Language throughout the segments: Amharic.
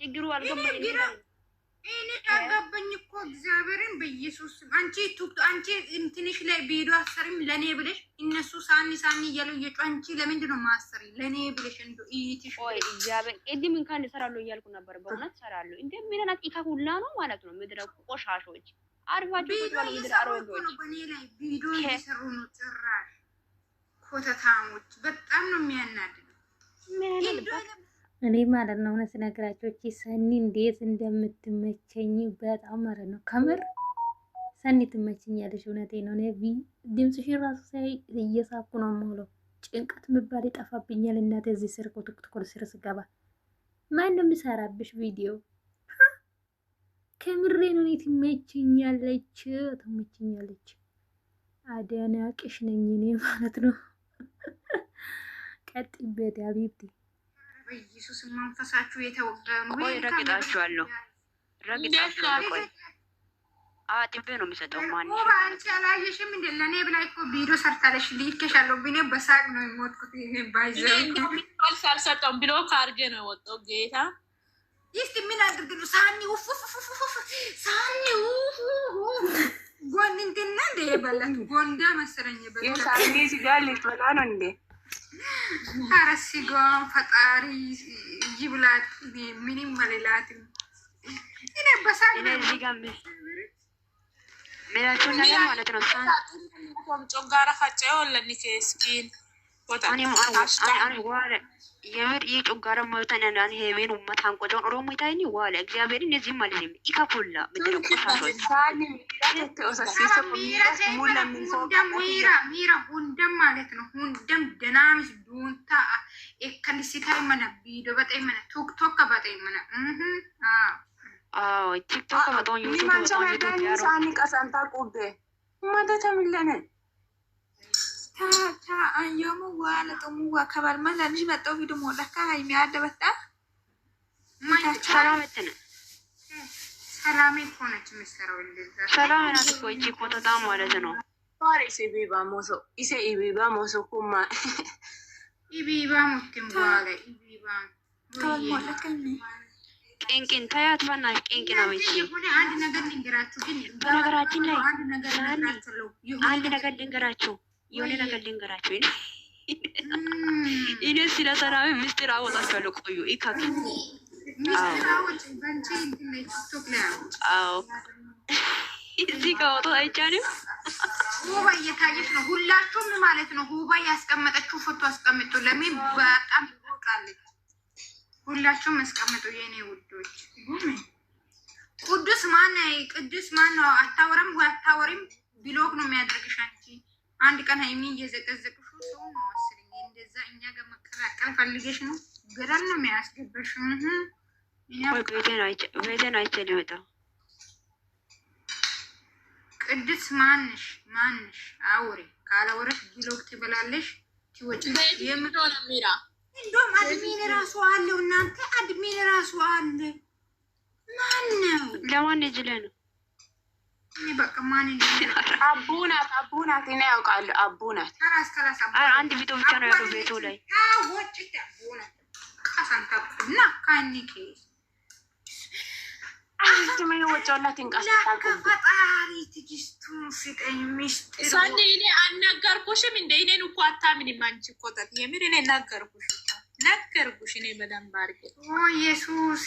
ችግሩ አልገባኝም። አልገባኝ እኮ እግዚአብሔርን በኢየሱስ አንቺ ቱክ አንቺ እንትንሽ ላይ ቪዲዮ አሰሪም ለእኔ ብለሽ እነሱ ሳኒ ሳኒ እያሉ እየጩ አንቺ ለምንድን ነው ማሰሪ ለእኔ ብለሽ እንዶ ይትሽ እግዚአብሔር ቅድም እንኳን እሰራለሁ እያልኩ ነበር። በእውነት እሰራለሁ እንደ ሚለናት ኢካ ሁላ ነው ማለት ነው። ምድረ ቆሻሾች አርፋቸው ቁጥባል ምድረ አሮዶች በእኔ ላይ ቪዲዮ እየሰሩ ነው። ጭራሽ ኮተታሞች በጣም ነው የሚያናድነው ምን እኔ ማለት ነው እውነት ስነግራቸው እቺ ሰኒ እንዴት እንደምትመቸኝ በጣም ማለት ነው። ከምር ሰኒ ትመቸኛለች። እውነቴ ነው። እኔ ድምፅሽ ራሱ ሳይ እየሳኩ ነው የምውለው። ጭንቀት ምባል ይጠፋብኛል። እናት እዚህ ስር ቁጥቁጥቁር ስር ስገባ ማንም ሰራብሽ ቪዲዮ ከምሬ ነው። እኔ ትመቸኛለች፣ ትመቸኛለች። አደናቂሽ ነኝ እኔ ማለት ነው። ቀጥይበት ሀቢብቲ በኢየሱስ መንፈሳችሁ የተወጋ ረግጣችኋለሁ፣ ረግጣችኋለሁ። አጥቤ ነው የሚሰጠው። ማንሽ አንቺ አላየሽም? እንደ ለእኔ ብላ እኮ ቪዲዮ ሰርታለሽ ልኬሻለሁ። ቢኔ በሳቅ ነው የሞትኩት። ባይዘልስ አልሰጠውም ብሎ ካርጌ ነው የወጣው ጌታ ይስቲ ምን አድርግ ነው ሳኒ ውፍ ሳኒ ውፍ ጎን እንትና እንደ የበላት ጎንዳ መሰለኝ የበላት ሳኒ ሲጋር ልትበላ ነው እንዴ? ኧረ ስጋዋን ፈጣሪ ይብላት። ምንም አልላትም። እኔ በሳ የምር ይህ ጮጋራ ማይታናን ሄሜን ኡመታን ቆጮን ኦሮሞ ይታይኒ ዋለ እግዚአብሔርን እዚህ ማለት ነው። ኢካኩላ ምድር ሚራ ሁንደም ማለት ነው። ሁንደም ደናምስ ዱንታ ኤከንሲታይ መነ ቪዲዮ በጣይ መነ ቶክቶክ በጣይ መነ ቲክቶክ በጣም ዩቱብ በጣም ሳኒ ቀሳንታ ቁቤ ማደተምለንን yoomuu waa laxumuu waa kabalman lalish መጣው ቪዲዮ ሞላካ haymee ሚያደበታ ሰላም ማለት ነው። ሞሶ ኢሴ ሞሶ ኩማ ታያት አመቺ አንድ ነገር ልንገራችሁ የሆነ ነገር ልንገራችሁ። እኔ ስለ ሰላም ምስጢር አወጣችኋለሁ። ቆዩ ይካቱ እዚህ ከወጡት አይቻልም። ሁባ እየታየች ነው። ሁላችሁም ማለት ነው። ሁባ ያስቀመጠችው ፎቶ አስቀምጡ። ለምን በጣም ትወቃለች። ሁላችሁም አስቀምጡ የእኔ ውዶች። ቅዱስ ማን ቅዱስ ማን ነው? አታወረም ወይ አታወሪም? ብሎክ ነው የሚያደርግሽ አንቺ አንድ ቀን ሀይሚ እየዘቀዘቅሹ ሰው ነው መሰለኝ። እንደዛ እኛ ጋር መቀላቀል ፈልገሽ ነው? ገዳም ነው የሚያስገባሽ። ቤቴን አይቼ ሊወጣ ቅድስት ማንሽ ማንሽ አውሬ ካላወረሽ ጊሎግ ትበላለሽ ትወጪለሽ። የምትሆነሚራ እንዲሁም አድሚን ራሱ አለው። እናንተ አድሚን ራሱ አለ። ማን ነው? ለማን ይጅለ ነው አቡ ናት፣ አቡ ናት። እኔ ያውቃለሁ፣ አቡ ናት። አንድ ቪቶ ብቻ ነው ያለው ቤቱ ላይ አናገርኩሽም እንደ እኔን እኮ አታምንም አንቺ እኮ የምር እኔ ነገርኩሽ ነገርኩሽ እኔ በደንብ አድርጌ ኢየሱስ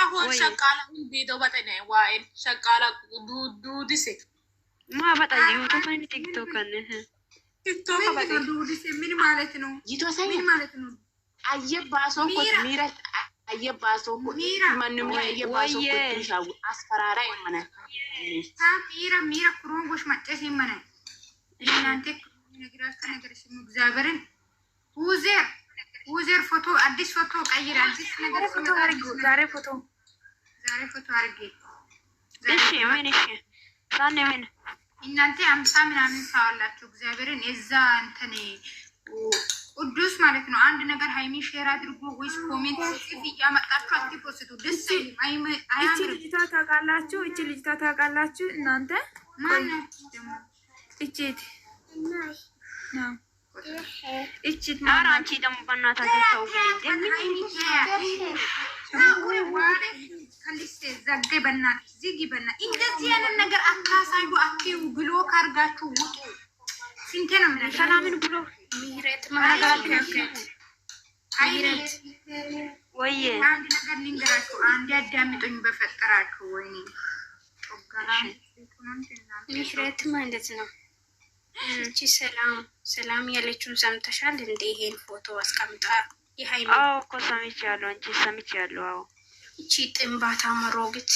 አሁን ሸቃላ ቤት በጠነ ዋይን ሸቃላ ዱዱዲሴ ማ በጣ ዩቱብ ን ቲክቶክ ን ቲክቶክ ዱዱዲሴ ምን ማለት ነው? ይቶሰ ምን ማለት ነው? አየባሶ ሚረ አየባሶ ማንም አየባሶ ሻው አስፈራራ ይመናል ሚረ ሚረ ክሮንጎሽ መጨስ ይመናል እናንተ ነግራችሁ ነገር ሽሙ እግዚአብሔርን ሁዜር ውዜር ፎቶ አዲስ ፎቶ ቀይር፣ አዲስ ነገር ዛሬ ፎቶ ዛሬ ፎቶ አድርጌ እሺ። ምን እሺ፣ ዛኔ ምን እናንተ አምሳ ምናምን ሳዋላችሁ እግዚአብሔርን የዛ እንትን ቅዱስ ማለት ነው። አንድ ነገር ሀይሚ ሼር አድርጎ ወይስ ኮሜንት ስጽፍ እያመጣችሁ አትፖስቱ። ደስ እቺ ልጅቷ ታውቃላችሁ፣ እቺ ልጅቷ ታውቃላችሁ እናንተ ማናችሁ ደግሞ እቺት ነው እቺ ኧረ አንቺ ደግሞ በእናታችሁ እንደዚህ ያንን ነገር አታሳዩ። ብሎ ካርጋችሁ ውጡ። ስንቴ ነው ሰላምን ብሎ ምህረት አንድ ነገር ልንገራችሁ። አንድ አዳምጡኝ በፈጠራችሁ። ወይኔ ምህረት ማለት ነው እቺ ሰላም ሰላም ያለችውን ሰምተሻል እንዴ? ይሄን ፎቶ አስቀምጣ የሃይሚ አዎ እኮ ሰምቻለሁ እንጂ ያለው አዎ እቺ ጥንባታ መሮግት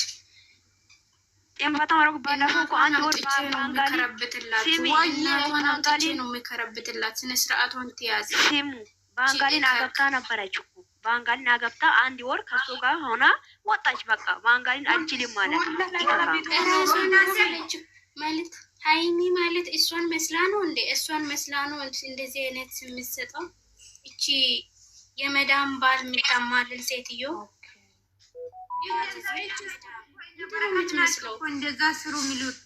ጥንባታ መሮግት ባለፈው እኮ አንድ ወር ባንጋሊከረብትላት ዋናንጋሊ ነው የሚከረብትላት። ስነ ስርዓቷን ትያዝ። ሲሙ ባንጋሊን አገብታ ነበረች እኮ ባንጋሊን አገብታ አንድ ወር ከሱ ጋር ሆና ወጣች። በቃ ባንጋሊን አልችልም ማለት ነው ማለት ሀይሚ ማለት እሷን መስላ ነው እንዴ? እሷን መስላ ነው እንደዚህ አይነት የምትሰጠው እቺ የመዳም ባል የምታማልል ሴትዮ እንደዛ ስሩ የሚሉት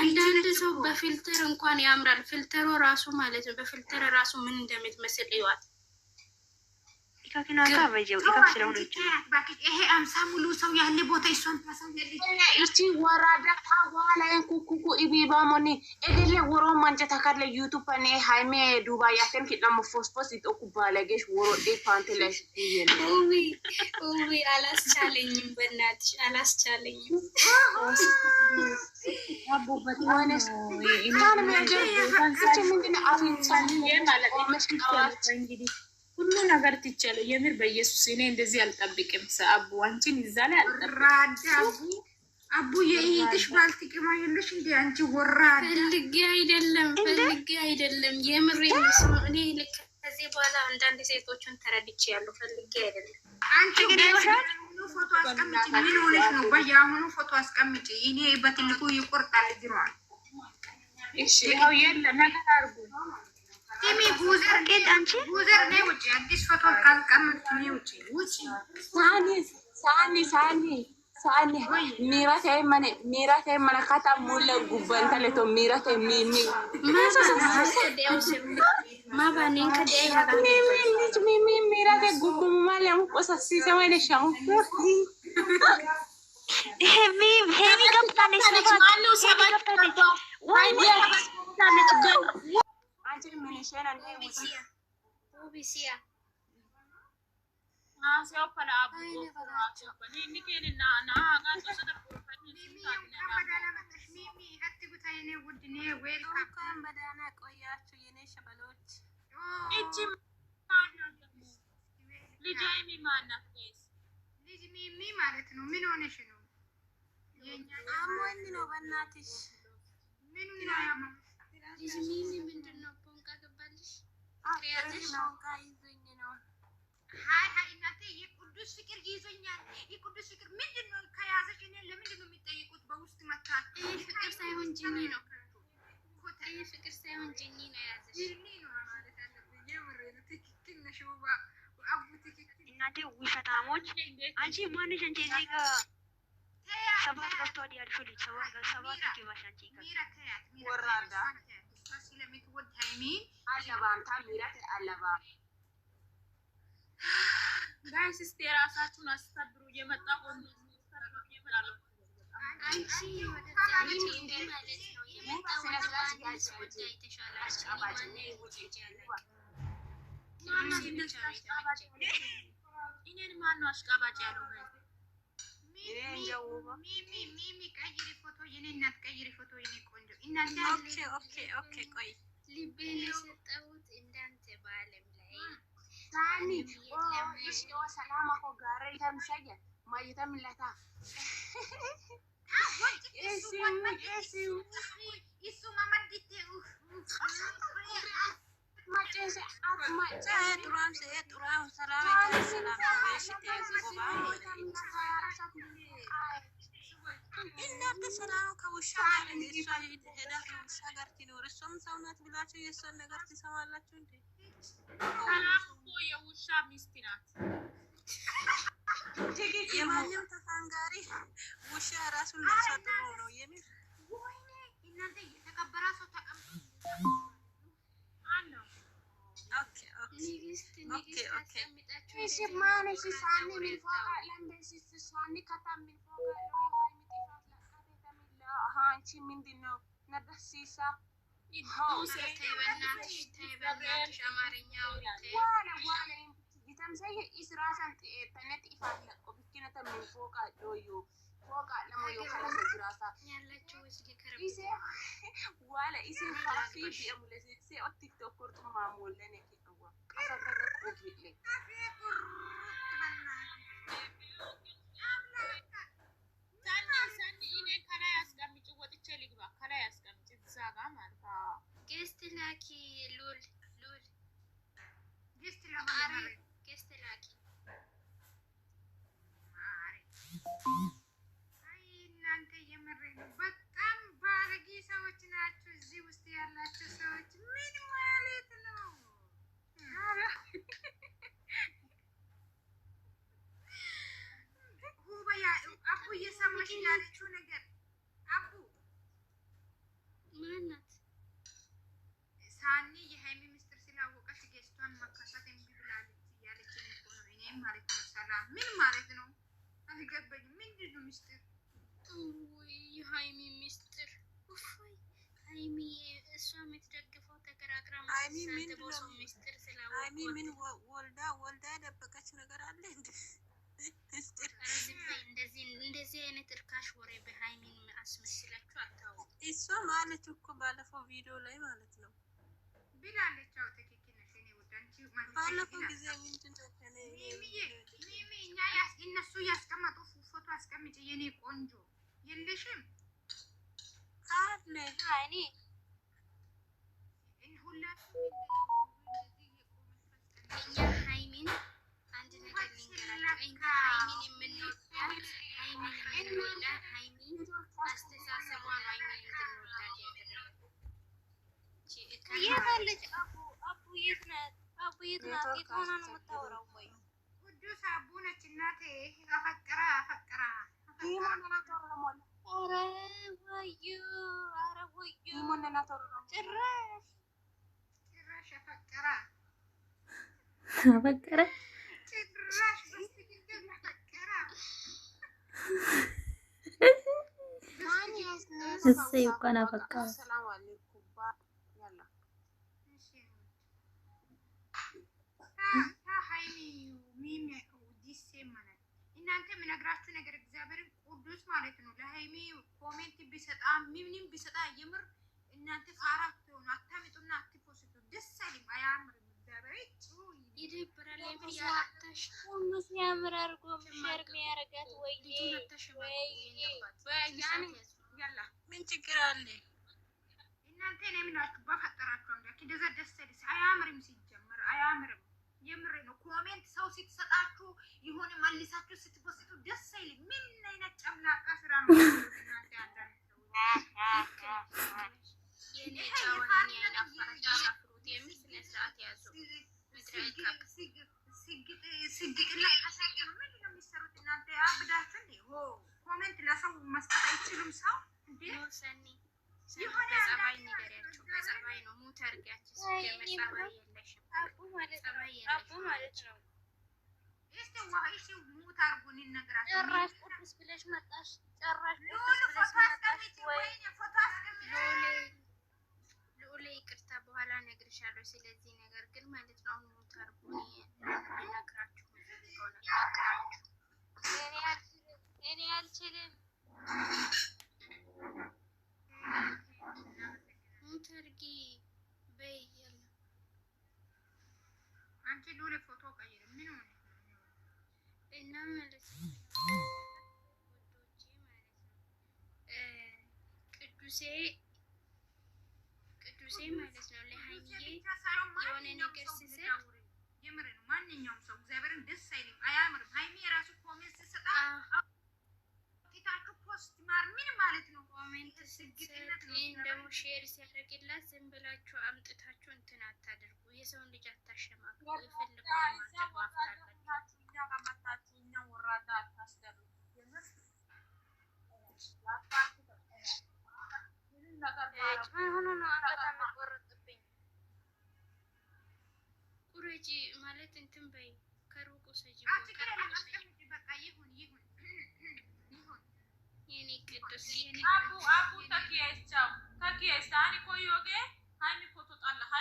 አንዳንድ ሰው በፊልተር እንኳን ያምራል። ፊልተሩ ራሱ ማለት ነው። በፊልተር ራሱ ምን እንደምትመስል ይዋል ይሄ አምሳ ሙሉ ሰው ያለ ቦታ እሷን ታሳያለች። እቺ ወራዳ ታዋላያን ኩኩኩ ኢቢባሞኒ እድሌ ወሮ ማንጀታ ካለ ዩቱብ ኔ ሃይሜ ዱባያተን ፊጣሙ ፎስፎስ ይጠቁ ባለጌሽ ወሮ ዴ ፓንት ለሽ አላስቻለኝም፣ በናትሽ አላስቻለኝም። ምንድን አፍንጫ ማለት ነው። ሁሉ ነገር ትቻለ። የምር በኢየሱስ እኔ እንደዚህ አልጠብቅም። አቡ አንቺን ይዛ ላይ አልጠብቅም። አቡ የይትሽ ባልትቅማ የለሽ እንዲ አንቺ ወራ ፈልጌ አይደለም ፈልጌ አይደለም። የምር እኔ ልክ ከዚህ በኋላ አንዳንድ ሴቶችን ተረድቼ ያለው ፈልጌ አይደለም። አንቺ ፎቶ አስቀምጭ፣ ምን ሆነሽ ነው? በየአሁኑ ፎቶ አስቀምጭ። እኔ በትልቁ ይቆርጣል ግሯል። እሺ ያው የለ ነገር አርጉ ሚ ጉዘር ጌጥ አንቺ ጉዘር ነይ ውጭ። አዲስ ፎቶ ካልቀመጥ ነይ ውጭ ውጭ። ሳኒ ሳኒ ሳኒ ሳኒ ሚራቴ መነ ሚራቴ መነ ካታ ሙለ ጉበንተ ለቶ ሚራቴ ሚሚ ሚሚ ልጅ ሚሚ ሚራቴ ጉጉም ማለም ቆሳሲ ሰማይ ነሻው ሄሚ ገብታለች ሄሚ ገብታለች ወይ until Malaysian and Tunisia. Tunisia. ምን ሆነሽ ነው ምን ሚሚ የቅዱስ ፍቅር ይዞኛል። የቅዱስ ፍቅር ምንድን ነው ከያዘሽ? እኔ ለምንድን ነው የሚጠይቁት? በውስጥ መካል ፍቅር ሳይሆን ጅኒ ነው። ፍቅር ሳይሆን ጅኒ ነው የያዘሽ። እናቴ ውሸታሞች! አንቺ ማንሽ? አንቺ እዚህ ጋ ሰባት ገብቷል ያልሽው ልጅ ሰባት ሰባት ይገባሽ አንቺ ወራዳ ስለምትወድ ሀይሚ አለባም ታሚራት አለባም ጋይስ እስቲ የራሳችሁን አስተብሩ። የመጣ ወንድ እኔን አሽቃባጭ ያለው? ቀይሪ ፎቶ እናንተ ሰላም ከውሻ ጋር ሄዳ ከውሻ ጋር ትኖር፣ እሷም ሰው ናት ብላችሁ የእሷን ነገር ትሰማላችሁ እንዴ? የውሻ ሚስት ናት። የማንም ተፋንጋሪ ውሻ ራሱን ለብሳ ጥሩ ነው የሚል እናንተ የተከበራ ሰው አንቺ ምንድን ነው ነደሲሳ ተይበናትሽ ግስት ላኪ ሉል ሉል ግስት ለማድረግ ይሆናል። ምን ማለት ነው? አልገባኝም። ምንድን ነው ሚስጥር? ሀይሚ ምስጢር ሀይሚ እሷ የምትደግፈው ተከራክራ ሚስጥር ስለሚ ምን ወልዳ ወልዳ ያደበቀች ነገር አለ እንደዚህ አይነት እርካሽ ወሬ በሀይሚ አስመስላችሁ አታውቁም። እሷ ማለት እኮ ባለፈው ቪዲዮ ላይ ማለት ነው ብላለች። አዎ ትክክል ባለፈው ጊዜ ምንድን ነው የኔ ቆንጆ የለሽም? አለ እኔ ሀይሚን አንድ ነገር ልንገራችሁ። አፈቀረ እሰይ እንኳን አፈቀረ። እናንተ የምነግራችሁ ነገር እግዚአብሔር ቅዱስ ማለት ነው። ለሀይሚ ኮሜንት ቢሰጣ ምንም ቢሰጣ የምር እናንተ ከአራት ሆኑ አታምጡና አትፖስቱ። ደስ አይልም፣ አያምርም። እግዚአብሔር የሚያረጋት ወይ ምን ችግር አለ? እናንተ ነው የምላችሁ በፈጠራችሁ አምላክ እንደዛ ደስ አይልም፣ አያምርም። ሲጀምር አያምርም። ሰው ስትሰጣችሁ የሆነ መልሳችሁ ስትወስዱ ደስ አይል። ምን አይነት ጨምላቃ ስራ ነው? ኮሜንት ለሰው ማለት ነው። ጭራሽ ቁርስ ብለሽ መጣሽ። ጭራሽ ቁርስ ይቅርታ በኋላ እነግርሻለሁ ስለዚህ ነገር ግን ማለት ነው። አሁን ሙት አርጉኝ እነግራችሁ እኔ አልችልም። ሙት አርጊ አንቺ ዱሌ ፎቶ ቀይር ምን ሆነ እና ማለት ነው ቅዱሴ ቅዱሴ ማለት ነው ለሀይዬ የሆነ ነገር ሲሰጥ ማንኛውም ሰው እግዚአብሔርን ደስ አይልም፣ አያምርም። ሀይሚ የራሱ ኮሜንት ሲሰጣ ስትማር ምን ማለት ነው? ኮሜንት ስግጥነት ደግሞ ሼር ሲያደርግላት ዝም ብላችሁ አምጥታችሁ እንትን አታደርጉ የሰውን ልጅ አታሸማቁ። ቁረጂ ማለት እንትን በይ ከሩቁ አቡ ተኪያ ይቻው ተኪያ ይስታ ሀይሚ እኮ ይወገ ሀይሚ እኮ ትወጣለህ